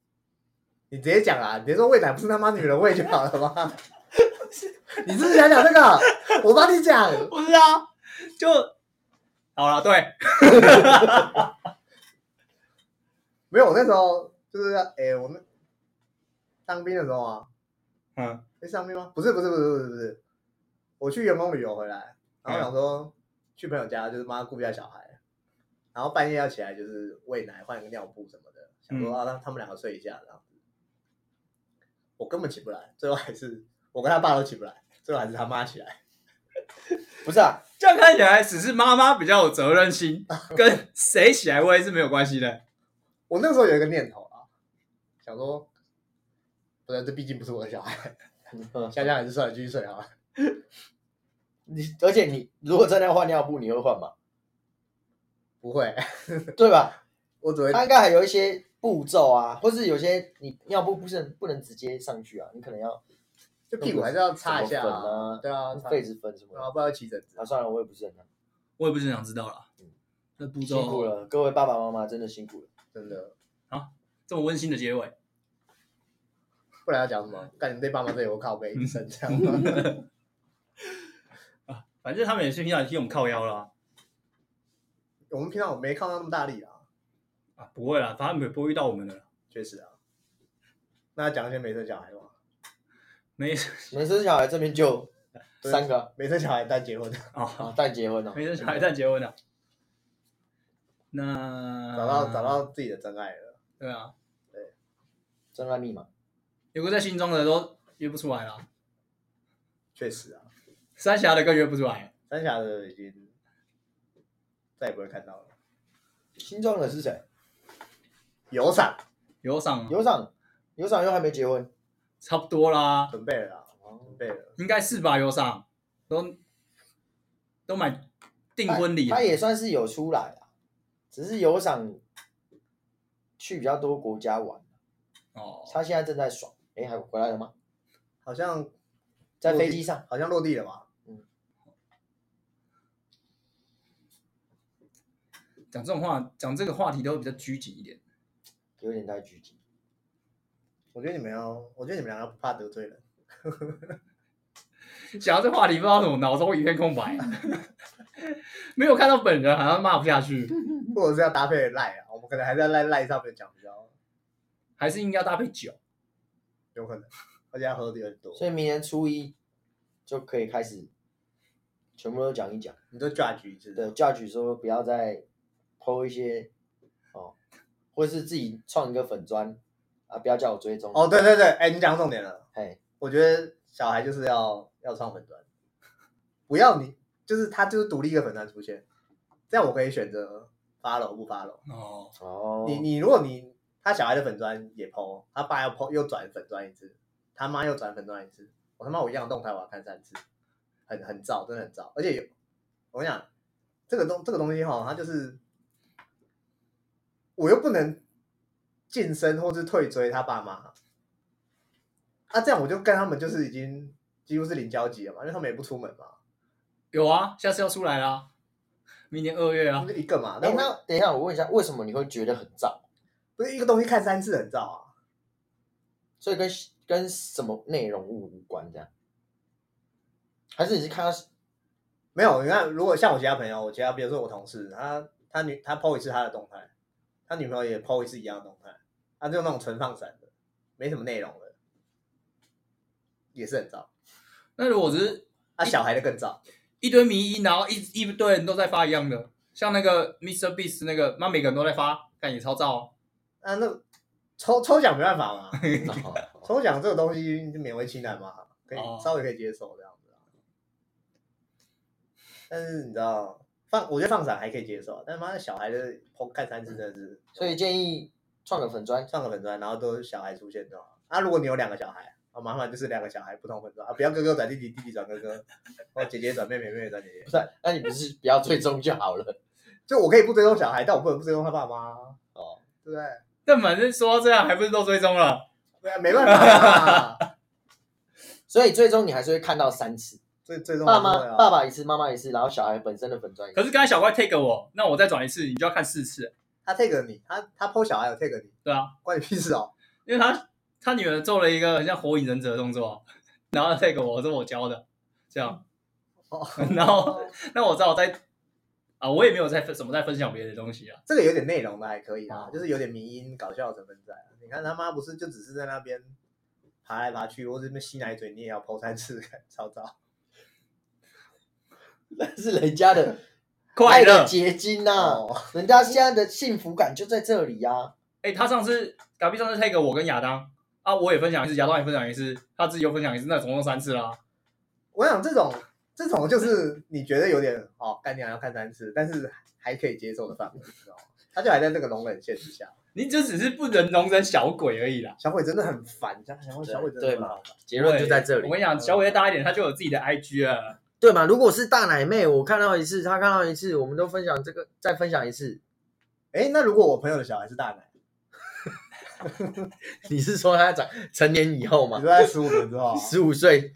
你直接講啊，別說餵奶不是他媽女人餵就好了嗎？ 你是不是想講這個？我幫你講，不是啊。就好了，對， 沒有。那時候就是哎、欸，我們當兵的時候啊，嗯，在、欸、上面嗎？不是，不是，不是，不是，不是。我去員工旅遊回來，然後想說、嗯、去朋友家，就是媽顧一下小孩，然後半夜要起來就是餵奶、換一個尿布什麼的，想說、啊嗯、讓他們兩個睡一下，然後我根本起不來，最後還是我跟他爸都起不來，最後還是他媽起來，不是啊。 這樣看起來只是媽媽比較有責任心， 跟誰起來餵是沒有關係的。我那個時候有一個念頭啊，想說，不然這畢竟不是我的小孩，佳佳還是算了，繼續睡好了。 你而且你如果真的要換尿布，你會換嗎？不會， 對吧？我覺得。他應該還有一些步驟啊，或是有些你尿布不是不能直接上去啊，你可能要。就屁股還是要擦一下啊，啊，對啊，痱子粉什麼啊，不要起疹子啊。啊，算了，我也不是很難，我也不是很想知道啦。嗯，那辛苦了，各位爸爸媽媽真的辛苦了，真的。啊，這麼溫馨的結尾。不然要講什麼？但 覺對爸媽都有個靠背，嗯、 啊，反正他們也是平常替我們靠腰啦、啊。我們平常我沒靠到那麼大力啊。啊，不會啦，他們沒不會遇到我們的了，確實啊。那講一些沒得講沒沒生小孩這邊就三個，沒 生小孩但結婚的，但、哦、結婚了，沒生小孩但結婚的，那找到找到自己的真愛了，對啊，對，真愛密碼，有個在新莊的人都約不出來了，確實啊，三峽的更約不出來，三峽的已經再也不會看到了，新莊的是誰？有尚，有尚、啊，有尚，有尚又還沒結婚。差不多啦，了啦，準備了，準備了，應該是吧。有賞都都買訂婚禮，哎，他也算是有出來啊，只是有賞去比較多國家玩啊。哦，他現在正在爽，哎，欸，還回來了嗎？好像在飛機上，好像落地了吧？嗯。講這種話，講這個話題都比較拘謹一點，有點太拘謹。我覺得你們要，我覺得你們兩個不怕得罪人。 想到這話題，不知道怎麼，腦中一片空白了。 沒有看到本人，好像罵不下去，或者是要搭配賴啊？我們可能還要在要賴賴上面講比較，還是應該要搭配酒？有可能，大家喝的有點多。所以明年初一就可以開始，全部都講一講。你都 judge 是？對，judge 說不要再 PO 一些哦，或者是自己創一個粉專。啊！不要叫我追蹤哦。Oh, 對對對，哎、欸，你講重點了。嘿、hey.，我覺得小孩就是要要上粉專，不要你就是他就是獨立一個粉專出現，這樣我可以選擇 follow 不 follow。哦、oh. 哦，你你如果你他小孩的粉專也 po 他爸，又 po 又轉粉專一次，他媽又轉粉專一次，我、oh, 他媽我一樣動態我要看三次，很很燥，真的很燥，而且有，我跟你講，這個、這個、東這個東西哈、哦，它就是我又不能。晉身或是退追他爸媽，啊，這樣我就跟他們就是已經幾乎是零交集了嘛，因為他們也不出門嘛。有啊，下次要出來啦，明年二月啊。一個嘛，欸、那那等一下，我問一下，為什麼你會覺得很燥？不是一個東西看三次很燥啊？所以跟跟什麼內容物無關，這樣？還是你是看到？沒有你看，如果像我其他朋友，我其他比如說我同事，他他女他 Po 一次他的動態，他女朋友也 Po 一次一樣的動態。他、啊、就用那種純放閃的，沒什麼內容的，也是很糟。那如果是啊，小孩的更糟，一堆迷因，然後一一堆人都在發一樣的，像那個 Mr. Beast 那個媽，每個人都在發，感覺超糟，哦啊。那抽抽獎沒辦法嘛， 抽獎這個東西就勉為其難嘛，可以，哦、稍微可以接受這樣子。但是你知道，放我覺得放閃還可以接受，但是媽的小孩的破開三次，真的是，是，嗯，所以建議。創個粉專，創個粉專，然後都小孩出現就好。啊，如果你有兩個小孩，啊、麻煩就是兩個小孩不同粉專啊，不要哥哥轉弟弟，弟弟轉哥哥，哦，姐姐轉妹、妹妹，妹妹轉姐姐。不是，那你不是不要追蹤就好了？ 就我可以不追蹤小孩，但我不能不追蹤他爸媽，哦，對不對？但反正說到這樣，還不是都追蹤了？對啊，沒辦法、啊。 所以最終你還是會看到三次，最最終爸媽、爸爸一次，媽媽一次，然後小孩本身的粉專。可是剛才小怪 take 我，那我再轉一次，你就要看四次。他 take 你，他他 po 小孩，有 take 你，對啊，關你屁事哦。因為他他女兒做了一個很像火影忍者的動作，然後 take 我，這是我教的，這樣。哦，然後那、哦、我知道我在啊，我也沒有在什麼在分享別的東西啊。這個有點內容的，還可以啊，就是有點迷因搞笑的成分在、啊。你看他媽不是就只是在那邊爬來爬去，或者那邊吸奶嘴，你也要 po 三次超照。那是人家的。 愛的結晶吶、啊哦，人家現在的幸福感就在這裡啊！哎、欸，他上次，嘎逼上次 tag 我跟亞當啊，我也分享一次，亞當也分享一次，他自己又分享一次，那總共三次啦，啊。我想這種，這種就是你覺得有點哦，看兩要看三次，但是還可以接受的範圍哦，他就還在那個容忍線之下。你就只是不能容忍小鬼而已啦，小鬼真的很煩，小鬼小鬼真的很麻煩。結論就在這裡。我跟你講，小鬼再大一點，他就有自己的 IG 了。嗯對嘛？如果是大奶妹，我看到一次，她看到一次，我們都分享這個，再分享一次。哎，那如果我朋友的小孩是大奶， 你是說他長成年以後嗎？就在十五 歲十五歲，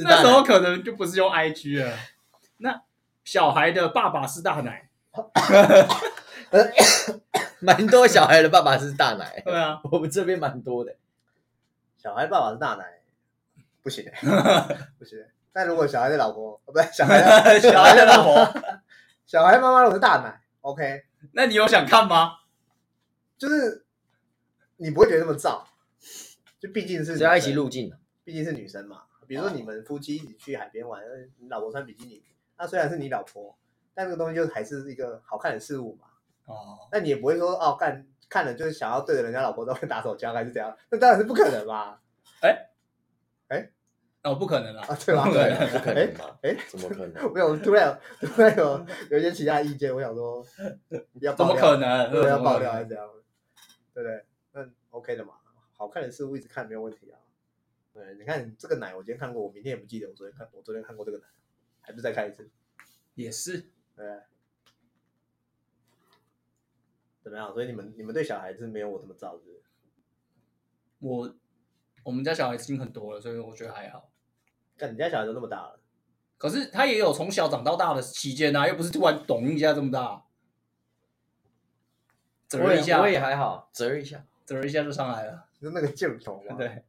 那時候可能就不是用 IG 了。 那小孩的爸爸是大奶，哈 蠻 多小孩的爸爸是大奶。 對啊，我們這邊蠻多的，小孩爸爸是大奶，不行，不行。 那如果小孩的老婆，不對，小孩、小孩的老婆，小孩媽媽 如果是大奶，OK？那你有想看嗎？就是你不會覺得這麼燥，就畢竟是只要一起入鏡，畢竟是女生嘛。比如說你們夫妻一起去海邊玩，你老婆穿比基尼，那雖然是你老婆，但這個東西就是還是一個好看的事物嘛。哦，那你也不會說哦，看看了就是想要對着人家老婆都會打手槍還是怎樣？那當然是不可能嘛。哎、欸。哦，不可能了啊！對吧？對， 不可能吧？哎、欸欸，怎麼可能？ 沒有，突然突然有有一些其他意見，我想說要，怎麼，要怎麼可能？要要爆料？還是怎樣？對不對，對？那 OK 的嘛，好看的事物一直看沒有問題啊。對，你看這個奶，我今天看過，我明天也不記得我昨天看，我昨天看過這個奶，還是再看一次。也是。對。怎麼樣？所以你們你們對小孩子沒有我這麼早，是不是？我我們家小孩子已經很多了，所以我覺得還好。看，你家小孩都那麼大了，可是他也有從小長到大的期間啊，又不是突然咚一下這麼大。折一下我也我也還好，折一下折一下就上來了，就那個勁頭嘛。對。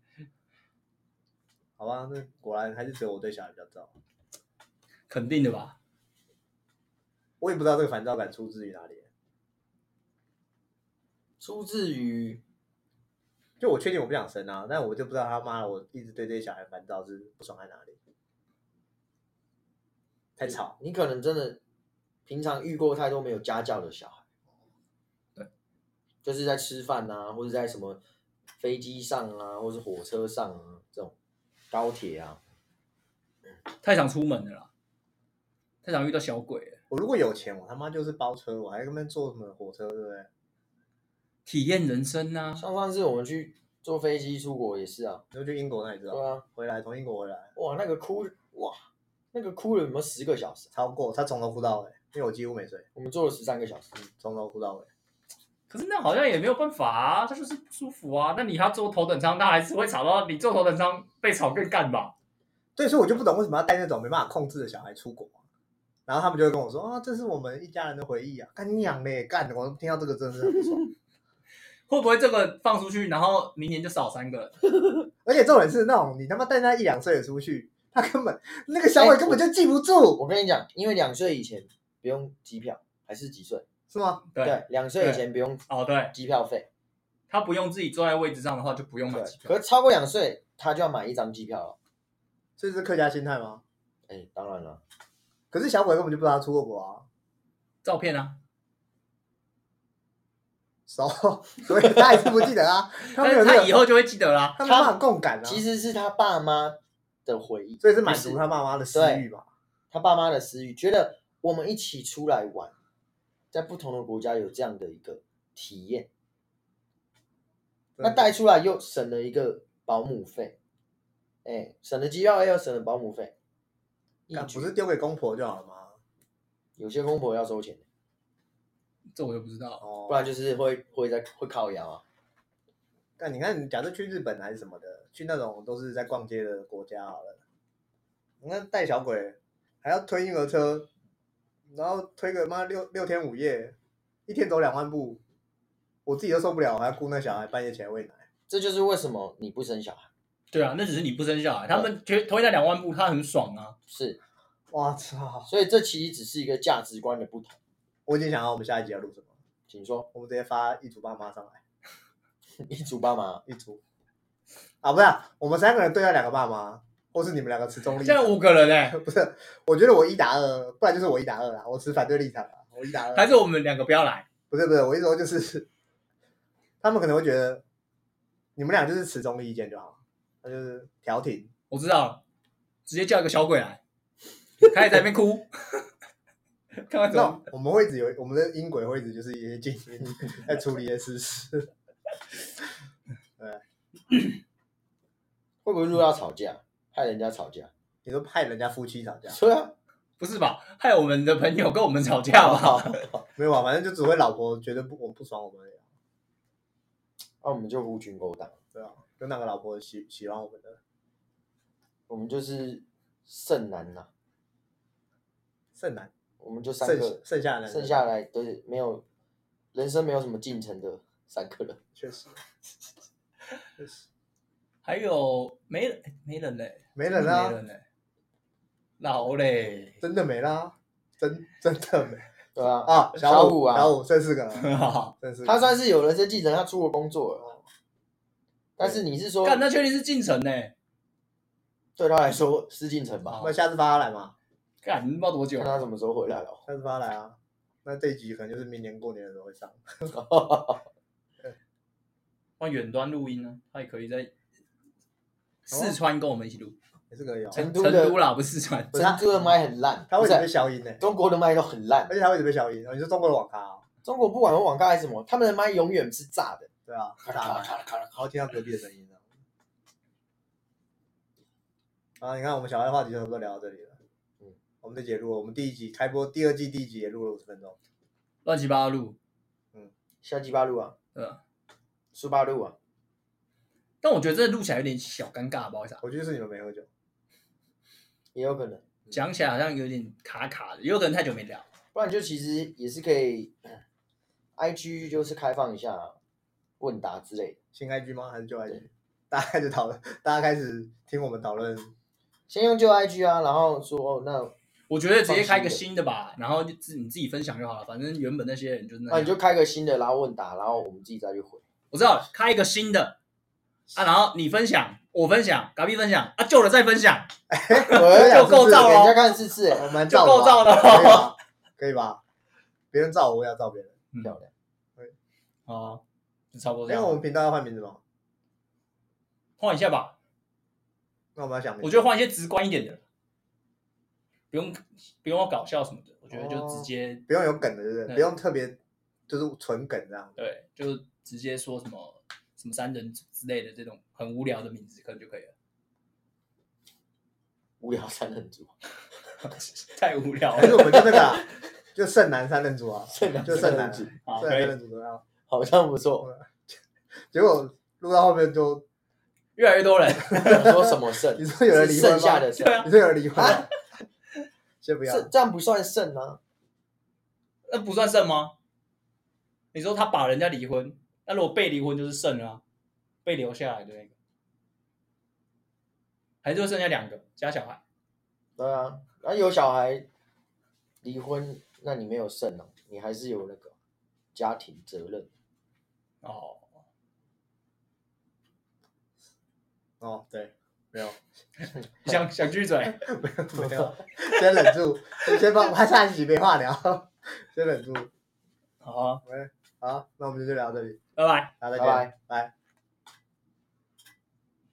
好吧，那果然還是只有我對小孩比較糟。肯定的吧。我也不知道這個煩躁感出自於哪裡。出自於。就我確定我不想生啊，但我就不知道他媽我一直對這些小孩煩躁是不爽在哪裡？太吵，你可能真的平常遇過太多沒有家教的小孩。對，就是在吃飯啊，或者在什麼飛機上啊，或者是火車上啊這種高鐵啊，太想出門了啦，太想遇到小鬼了。我如果有錢，我他媽就是包車，我還跟他們坐什麼火車，對不對？體驗人生吶、啊！像上次我們去坐飛機出國也是啊，就去英國那裡知道啊，回來從英國回來，哇，那個哭，哇，那個哭了有沒有十個小時，超過，他從頭哭到尾，因為我幾乎沒睡。嗯、我們坐了十三個小時，從頭哭到尾。可是那好像也沒有辦法、啊，他就是不舒服啊。那你他坐頭等艙，他還是會吵到你。坐頭等艙被吵更幹吧對？所以我就不懂為什麼要帶那種沒辦法控制的小孩出國、啊。然後他們就會跟我說啊，這是我們一家人的回憶啊，幹你娘嘞，幹的。我聽到這個真是很不爽。 會不會這個放出去，然後明年就少三個了？ 而且重點是那種你他媽帶他一兩歲也出去，他根本那個小鬼根本就記不住。欸、我，我跟你講，因為兩歲以前不用機票，還是幾歲？是嗎？對，兩歲以前不用機哦，對，機票費，他不用自己坐在位置上的話就不用買機票。可是超過兩歲，他就要買一張機票了。所以這是客家心態嗎？哎、欸，當然了。可是小鬼根本就不知道他出過國啊，照片啊。所以，他還是不記得啊。 他，有那個、他以後就會記得啦、啊。他，他很共感啊。其實是他爸媽的回憶，所以是滿足他爸媽的私慾吧、就是？他爸媽的私慾，覺得我們一起出來玩，在不同的國家有這樣的一個體驗，那帶出來又省了一個保姆費，哎、欸，省了機票，哎，又省了保姆費。那不是丟給公婆就好了嗎？有些公婆要收錢的。這我就不知道，哦、不然就是會會在會靠腰啊。但你看，假設去日本還是什麼的，去那種都是在逛街的國家好了。你看帶小鬼，還要推嬰兒車，然後推個媽六六天五夜，一天走兩萬步，我自己都受不了，我還要顧那小孩半夜起來餵奶。這就是為什麼你不生小孩。對啊，那只是你不生小孩，嗯、他們推推那兩萬步，他很爽啊。是，我操！所以這其實只是一個價值觀的不同。我已經想到我們下一集要錄什麼，請說。我們直接發一組爸媽上來。 一組爸媽，一組啊，不是，啊，我們三個人對待兩個爸媽，或是你們兩個持中立。這樣五個人哎，欸， 不是，我覺得我一打二，不然就是我一打二啊，我持反對立場啊，我一打二。還是我們兩個不要來？不是不是，我意思說就是，他們可能會覺得你們倆就是持中立意見就好，他就是調停。我知道了，直接叫一個小鬼來，他也在那邊哭。 開玩笑，我們位置有我們的音軌位置就是一些進行， 在處理一些事實、嗯、會不會入要吵架，害人家吵架？你說害人家夫妻吵架？說啊，不是吧？害我們的朋友跟我們吵架吧，哦哦哦、沒有啊，反正就只會老婆覺得不我不爽我們而已、啊，那、嗯啊、我們就狐群狗黨，對啊，跟那個老婆喜喜歡我們的？我們就是剩男吶、啊，剩男。我們就三個，剩下來，剩下來，對，沒有，人生沒有什麼進程的三個人，確實，確實，還有沒人，沒人嘞，沒人啦，沒人嘞，老嘞，真的沒啦，真真的沒，對啊，啊，小五啊，小五剩四個，好，他算是有人生進程，他出國工作了，但是你是說，看那確定是進程嘞，對他來說是進程吧，那下次發他來嘛。看，你不知道多久？看他什麼時候回來了、哦。開始發來啊，那這一集可能就是明年過年的時候會上。哈，哈，哈，哈。放遠端錄音呢、啊，他也可以在四川跟我們一起錄、哦，也是可以哦。成都的，成都啦不四川，成都的麥很爛，他為什麼被消音？呢？中國的麥都很爛，而且他為什麼被消音？你說中國的網咖啊、哦？中國不管是網咖還是什麼，他們的麥永遠是炸的。對啊，咔了咔了咔了，好聽到隔壁的聲音啊。 啊，你看我們小孩的話題差不多聊到這裡我們的錄了，我們第一集開播，第二季第一集也錄了五十分鐘，亂七八糟錄，嗯，瞎雞巴錄啊，嗯，書八錄啊，但我覺得這錄起來有點小尷尬，不好意思啊。我覺得是你們沒喝酒，也有可能講、嗯、起來好像有點卡卡的，也有可能太久沒聊。不然就其實也是可以、呃、，IG 就是開放一下、啊、問答之類。新 IG 嗎？還是舊 IG？大家開始討論，大家開始聽我們討論。先用舊 IG 啊，然後說哦那。我覺得直接開一個新的吧，的然後就自你自己分享就好了。反正原本那些人就那樣……那、啊、你就開個新的，然後問答，然後我們自己再去回。我知道，開一個新的啊，然後你分享，我分享，嘎逼分享啊，舊的再分享，哎、 就，就夠照了。了人家看試試、哦，就夠照了、哦，可以吧？別人照，我也要照別人，漂、嗯、亮。好、啊，就差不多這樣。因為我們頻道要換名字嘛？換一下吧。那我們要想，我覺得換一些直觀一點的。不用不用搞笑什麼的，我覺得就直接、哦、不用有梗的，對不對？不用特別就是純梗這樣。對，就直接說什麼什麼三人組之類的這種很無聊的名字可能就可以了。無聊三人組 太無聊了，其實我們就那個就剩男三人組啊，剩男就剩男、啊，剩男三人組、啊好,啊、好像不錯。結果錄到後面就越來越多人說什麼 說有人剩,剩，你說有人離婚嗎？你說有人離婚這這樣不算剩啊？那不算剩嗎？你說他把人家離婚，那如果被離婚就是剩啊，被留下來的那個，還是就剩下兩個加小孩。對啊，那有小孩離婚，那你沒有剩了，你還是有那個家庭責任。哦哦，對。 沒有， 想 想鋸嘴， 沒有，沒有，先忍住， 先放把， 還差幾沒話聊，先忍住，好、啊，喂、okay.，好，那我們就先聊到這裡，拜拜，好，再見，拜。